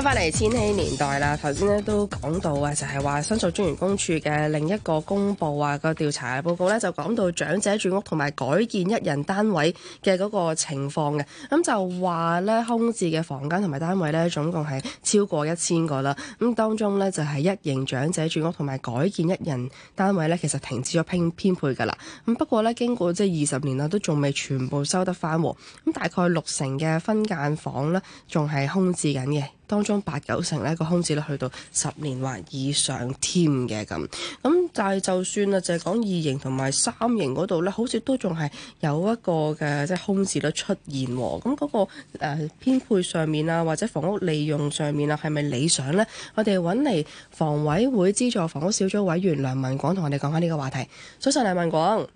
翻翻嚟千禧年代啦，頭先咧都講到啊，就係話申訴專員公署嘅另一個公布啊個調查嘅報告咧，就講到長者住屋同埋改建一人單位嘅嗰個情況嘅。咁就話咧，空置嘅房間同埋單位咧，總共係超過一千個啦。咁當中咧就係、是、一型長者住屋同埋改建一人單位咧，其實停止咗編配噶啦。咁不過咧，經過即係二十年啦，都仲未全部收得翻。咁大概六成嘅分間房咧，仲係空置緊嘅。當中八九成呢、呢個空置率去到十年或以上添嘅。咁，咁但係就算啊，就係講二型同埋三型嗰度呢，好似都仲係有一個嘅即係空置率出現喎。咁嗰、嗰個誒、呃、編配上面啊，或者房屋利用上面啊，係咪理想呢？我哋揾嚟房委會資助房屋小組委員梁文廣同我哋講下呢個話題。早晨，梁文廣，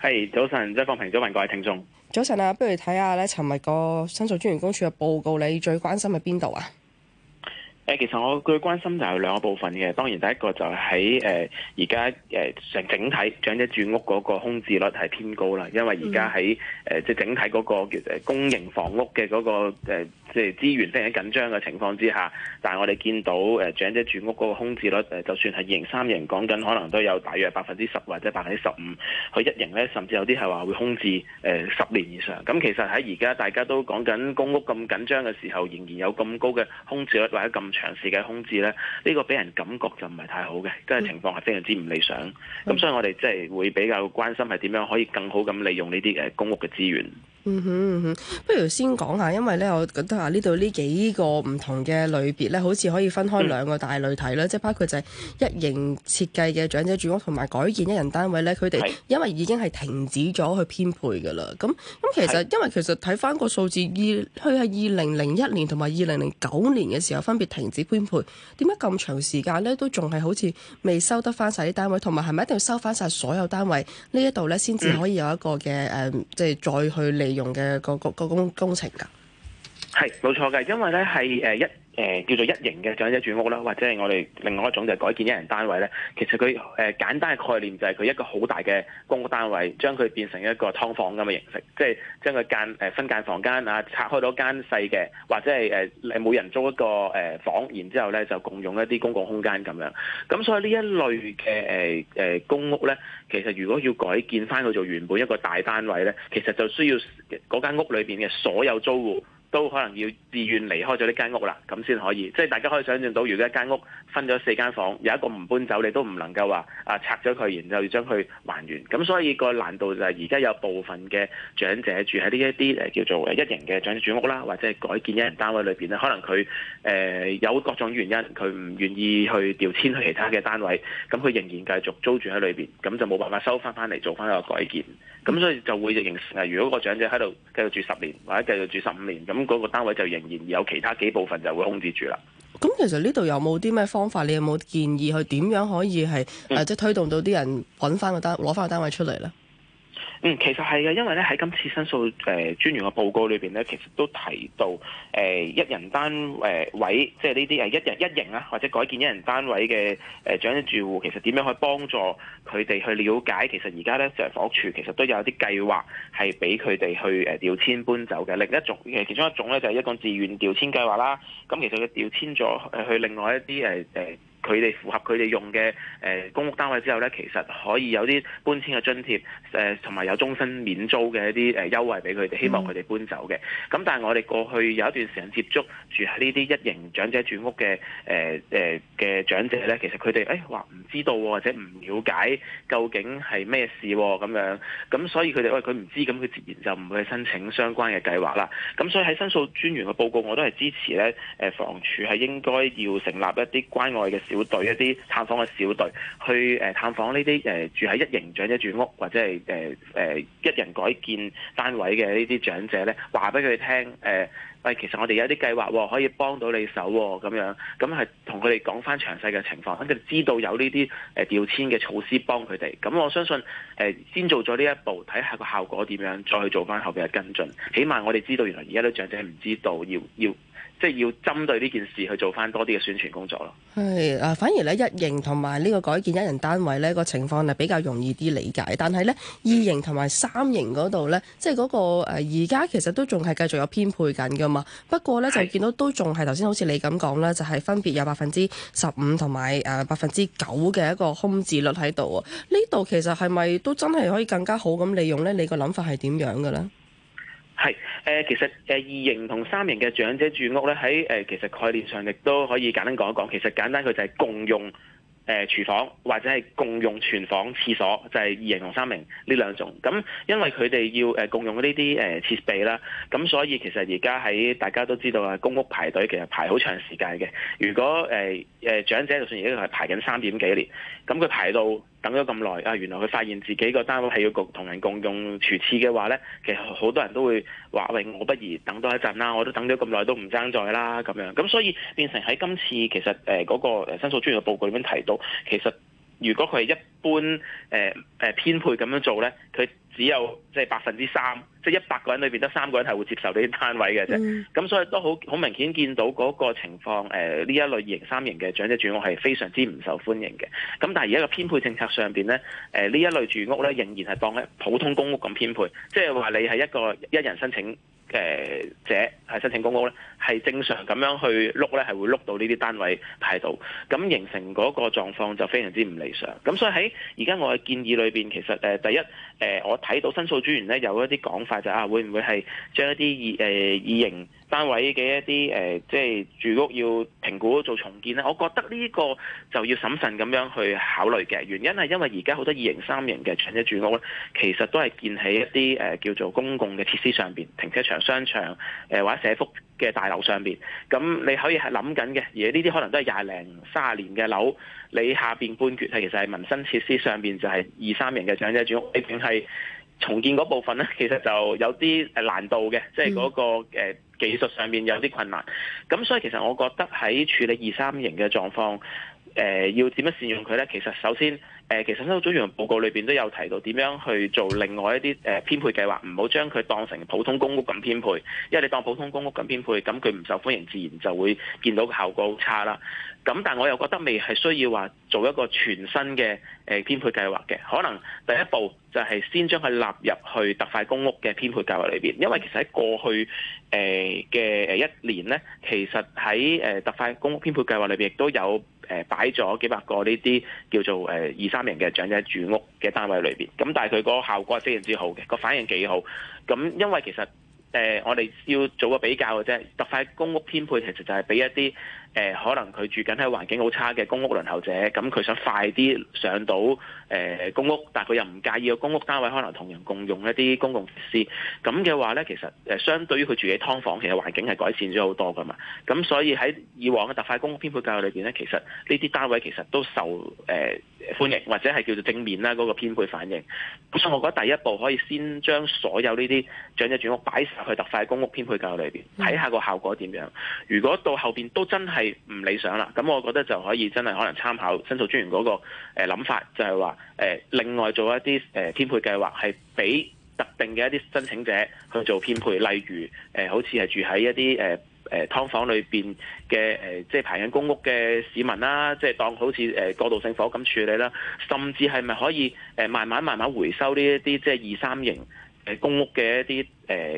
係、hey, 早晨，即係放平咗問各位聽眾。早晨啊，不如睇下咧，尋日個申訴專員公署嘅報告，你最關心喺邊度啊？誒，其實我最關心就係兩個部分嘅。當然第一個就係喺誒而家誒成整體長者住屋嗰個空置率係偏高啦。因為而家喺誒即係整體嗰個叫誒公營房屋嘅嗰個誒即係資源非常緊張嘅情況之下，但係我哋見到誒長者住屋嗰個空置率誒，就算係二型三型講緊，可能都有大約百分之十或者百分之十五。佢一型咧，甚至有啲係話會空置誒十年以上。咁其實喺而家大家都講緊公屋咁緊張嘅時候，仍然有咁高嘅空置率或者咁，長時間空置呢，呢、呢個俾人感覺就唔係太好嘅，今日情況係非常之唔理想。咁所以，我哋即係會比較關心係點樣可以更好咁利用呢啲嘅公屋嘅資源。嗯哼嗯不如先講下，因為咧，我覺得啊，呢度呢幾個唔同嘅類別咧，好似可以分開兩個大類睇啦，即係、嗯、包括就係一型設計嘅長者住屋同埋改建一人單位咧，佢哋因為已經係停止咗去編配㗎啦。咁咁是其實是因為其實睇翻個數字，二佢係二零零一年同埋二零零九年嘅時候分別停止編配，點解咁長時間咧都仲係好似未收得翻晒啲單位，同埋係咪一定要收翻晒所有單位呢一度咧先至可以有一個嘅、嗯嗯、即係再去理用嘅嗰個嗰工工程㗎。係冇錯嘅，因為咧，係誒一誒、呃、叫做一型嘅長者住屋啦，或者係我哋另外一種就係改建一人單位咧。其實佢誒、呃、簡單嘅概念就係佢一個好大嘅公屋單位，將佢變成一個㓥房咁嘅形式，即係將佢間誒分間房間啊拆開到間細嘅，或者係誒你每人租一個誒、呃、房，然之後咧，就共用一啲公共空間咁樣。咁所以呢一類嘅誒誒公屋咧，其實如果要改建翻去做原本一個大單位咧，其實就需要嗰間屋裏邊嘅所有租戶。都可能要自願離開咗呢間屋啦，咁先可以。即係大家可以想象到，如果一間屋分咗四間房，有一個唔搬走，你都唔能夠話啊拆咗佢，然後要將佢還原。咁所以個難度就係而家有部分嘅長者住喺呢一啲叫做一型嘅長者住屋啦，或者係改建一人單位裏邊，咧，可能佢誒、呃、有各種原因，佢唔願意去調遷去其他嘅單位，咁佢仍然繼續租住喺裏邊，咁就冇辦法收翻翻嚟做翻個改建。咁所以就會形成如果個長者喺度繼續住十年或者繼續住十五年咁。咁嗰個單位就仍然有其他幾部分就會空置住啦。咁其實呢度有冇啲咩方法？你有冇建議佢點樣可以係誒即係推動到啲人揾翻個單攞翻個單位出嚟咧？嗯，其實係嘅，因為咧喺今次申訴誒專員嘅報告裏邊咧，其實都提到誒、呃、一人單位，呃、即係呢啲誒一人一型啦，或者改建一人單位嘅誒、呃、長者住戶，其實點樣去以幫助佢哋去了解，其實而家咧社房屋署其實都有啲計劃係俾佢哋去誒調遷搬走嘅。另一種誒，其中一種咧就係、是、一個自願調遷計劃啦。咁、嗯、其實佢調遷咗去另外一啲誒誒。呃佢哋符合佢哋用嘅誒公屋單位之後呢，其實可以有啲搬遷嘅津貼，誒同埋有終身免租嘅一啲誒優惠俾佢哋，希望佢哋搬走嘅。咁、mm. 但係我哋過去有一段時間接觸住喺呢啲一型長者住屋嘅誒誒嘅長者呢，其實佢哋誒話唔知道或者唔了解究竟係咩事咁、啊、樣，咁所以佢哋喂佢唔知，咁佢自然就唔會去申請相關嘅計劃啦。咁所以喺申訴專員嘅報告，我都係支持呢，誒房署係應該要成立一啲關愛嘅小隊一啲探訪嘅小隊去誒探訪呢啲誒住喺一型長者住屋或者係誒誒一人改建單位嘅呢啲長者咧，話俾佢哋聽誒，喂、呃，其實我哋有啲計劃可以幫到你手咁、哦、樣，咁係同佢哋講翻詳細嘅情況，等佢哋知道有呢啲誒調遷嘅措施幫佢哋。咁我相信誒、呃、先做咗呢一步，睇下個效果點樣，再去做翻後邊嘅跟進。起碼我哋知道原來而家啲長者係唔知道要要。要即係要針對呢件事去做翻多啲嘅宣傳工作咯。係啊，反而咧一型同埋呢個改建一人單位呢個情況係比較容易啲理解，但係呢，二型同埋三型嗰度呢，即係嗰個而家、呃、其實都仲係繼續有編配緊㗎嘛。不過呢，是就見到都仲係頭先好似你咁講啦，就係、是、分別有百分之十五同埋誒百分之九嘅一個空置率喺度啊。呢度其實係咪都真係可以更加好咁利用呢？你個諗法係點樣㗎呢？係、呃，其實二型同三型嘅長者住屋咧，喺、呃、其實概念上亦都可以簡單講一講。其實簡單佢就係共用誒、呃、廚房或者係共用廚房廁所，就係、是、二型同三型呢兩種。咁、嗯、因為佢哋要、呃、共用呢啲、呃、設備啦，咁、嗯、所以其實而家喺大家都知道啊，公屋排隊其實排好長時間嘅。如果誒、呃、長者就算而家排緊三點幾年，咁、嗯、佢排到。等咗咁耐啊！原來佢發現自己個單位係要局同人共用廚廁嘅話咧，其實好多人都會話：喂，我不如等多一陣啦，我都等咗咁耐都唔爭在啦咁樣。咁所以變成喺今次其實誒嗰個申訴專員嘅報告裡面提到，其實。如果佢係一般誒誒編配咁樣做咧，佢只有即係百分之三，即係一百個人裏面得三個人係會接受呢啲單位嘅啫。咁、嗯、所以都好好明顯見到嗰個情況誒，呢、呃、一類二型三型嘅長者住屋係非常之唔受歡迎嘅。咁但係而家個編配政策上面咧，誒、呃、呢一類住屋咧仍然係當喺普通公屋咁編配，即係話你係一個一人申請嘅者係申請公屋咧。係正常咁樣去碌咧，係會碌到呢啲單位喺度，咁形成嗰個狀況就非常之唔理想。咁所以喺而家我嘅建議裏面，其實第一我睇到申訴專員咧有一啲講法，就是啊會會呃呃，就啊會唔會係將一啲二二型單位嘅一啲即係住屋要評估做重建咧？我覺得呢個就要審慎咁樣去考慮嘅。原因係因為而家好多二型、三型嘅長者住屋咧，其實都係建喺一啲、呃、叫做公共嘅設施上面，停車場、商場、呃、或者社福嘅大，樓上邊，咁你可以係諗緊嘅，而呢啲可能都係廿零卅年嘅樓，你下邊搬決，其實係民生設施上邊就係二三型嘅長者住屋，你淨係重建嗰部分咧，其實就有啲誒難度嘅，即係嗰個誒、呃、技術上面有啲困難，咁所以其實我覺得喺處理二三型嘅狀況。誒、呃、要點樣善用佢呢？其實首先，誒、呃、其實申訴專員報告裏面都有提到點樣去做另外一啲誒、呃、編配計劃，唔好將佢當成普通公屋咁編配，因為你當普通公屋咁編配，咁佢唔受歡迎，自然就會見到效果好差啦。咁但我又覺得未係需要話做一個全新嘅誒、呃、編配計劃嘅，可能第一步就係先將佢納入去特快公屋嘅編配計劃裏面，因為其實喺過去誒嘅、呃、一年呢，其實喺、呃、特快公屋編配計劃裏邊亦都有。誒、擺咗幾百個呢啲叫做誒、二三名嘅長者住屋嘅單位裏邊，咁但係佢個效果係非常之好嘅，個反應幾好，咁因為其實。誒、呃，我哋要做個比較嘅啫。特快公屋編配其實就係俾一啲誒、呃，可能佢住緊喺環境好差嘅公屋輪候者，咁佢想快啲上到誒、呃、公屋，但佢又唔介意個公屋單位可能同人共用一啲公共設施。咁嘅話咧，其實、呃、相對於佢住喺劏房，其實環境係改善咗好多噶嘛。咁所以喺以往嘅特快公屋編配計劃裏面咧，其實呢啲單位其實都受誒。呃歡迎或者係叫做正面啦，嗰個編配反應。所以我覺得第一步可以先將所有呢啲長者轉屋擺去特快公屋編配計劃裏邊，睇下個效果點樣。如果到後面都真係唔理想啦，咁我覺得就可以真係可能參考申訴專員嗰個誒諗法，就係、是、話另外做一啲編配計劃，係俾特定嘅一啲申請者去做編配，例如、呃、好似係住喺一啲誒，劏房裏邊嘅誒，即係排緊公屋嘅市民啦，即係當好似誒、呃、過渡性房咁處理啦，甚至係咪可以誒慢慢慢慢回收呢一啲即係二三型公屋嘅一啲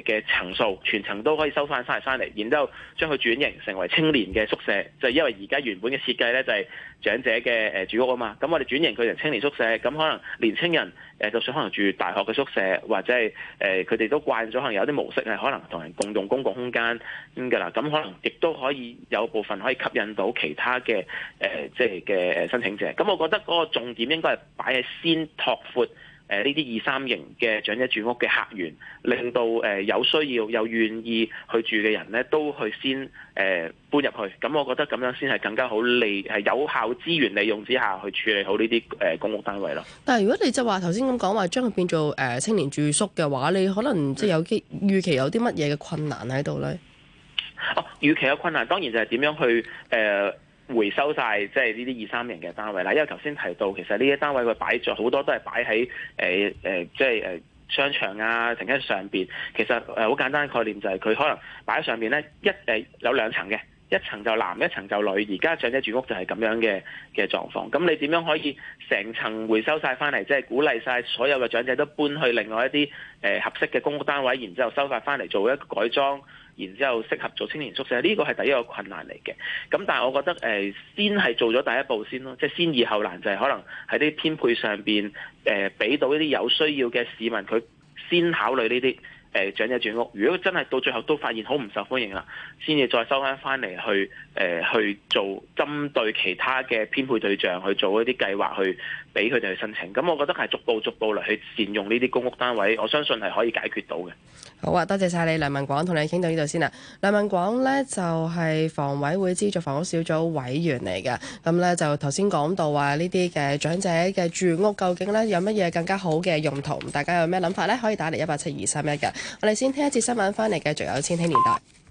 嘅、呃、層數，全層都可以收翻晒返翻嚟，然之後將佢轉型成為青年嘅宿舍，就因為而家原本嘅設計咧就係、是、長者嘅誒、呃、住屋啊嘛，咁我哋轉型佢成青年宿舍，咁可能年青人、呃、就算可能住大學嘅宿舍，或者係佢哋都慣咗可能有啲模式係可能同人共用公共空間咁噶啦，咁、嗯、可能亦都可以有部分可以吸引到其他嘅即係嘅申請者，咁我覺得嗰個重點應該係擺喺先拓闊。誒呢啲二三型嘅長者住屋嘅客源，令到誒、呃、有需要又願意去住嘅人咧，都去先誒、呃、搬入去。咁我覺得咁樣先係更加好利，係有效資源利用之下去處理好呢啲誒公屋單位咯。但係如果你就話頭先咁講話將佢變做誒、呃、青年住宿嘅話，你可能即係有幾預期有啲乜嘢嘅困難喺度咧？哦、呃，預期嘅困難當然就係點樣去誒、呃回收晒即係呢啲二三型嘅單位啦，因為頭先提到其實呢啲單位佢擺咗好多都係擺喺即係商場啊停喺上面。其實好簡單嘅概念就係、是、佢可能擺喺上面咧一誒、呃、有兩層嘅，一層就男，一層就女。而家長者住屋就係咁樣嘅嘅狀況。咁你點樣可以成層回收晒翻嚟，即、就、係、是、鼓勵晒所有嘅長者都搬去另外一啲、呃、合適嘅公屋單位，然之後收曬翻嚟做一個改裝？然之後適合做青年宿舍，呢、這個係第一個困難嚟嘅。咁但係我覺得誒，先係做咗第一步先咯，即係先易後難，就係、是、可能喺啲編配上邊誒，俾、呃、到呢啲有需要嘅市民，佢先考慮呢啲。誒、呃、長者住屋，如果真係到最後都發現好唔受歡迎啦，先至再收翻翻嚟去誒、呃、去做針對其他嘅編配對象去做一啲計劃，去俾佢哋去申請。咁我覺得係逐步逐步嚟去善用呢啲公屋單位，我相信係可以解決到嘅。好啊，多謝晒你，梁文廣，同你傾到呢度先啦。梁文廣呢就係、是、房委會資助房屋小組委員嚟嘅，咁呢就頭先講到話呢啲嘅長者嘅住屋究竟呢有乜嘢更加好嘅用途？大家有咩諗法呢？可以打嚟一八七二三一嘅。我哋先聽一節新聞，翻嚟繼續有千禧年代。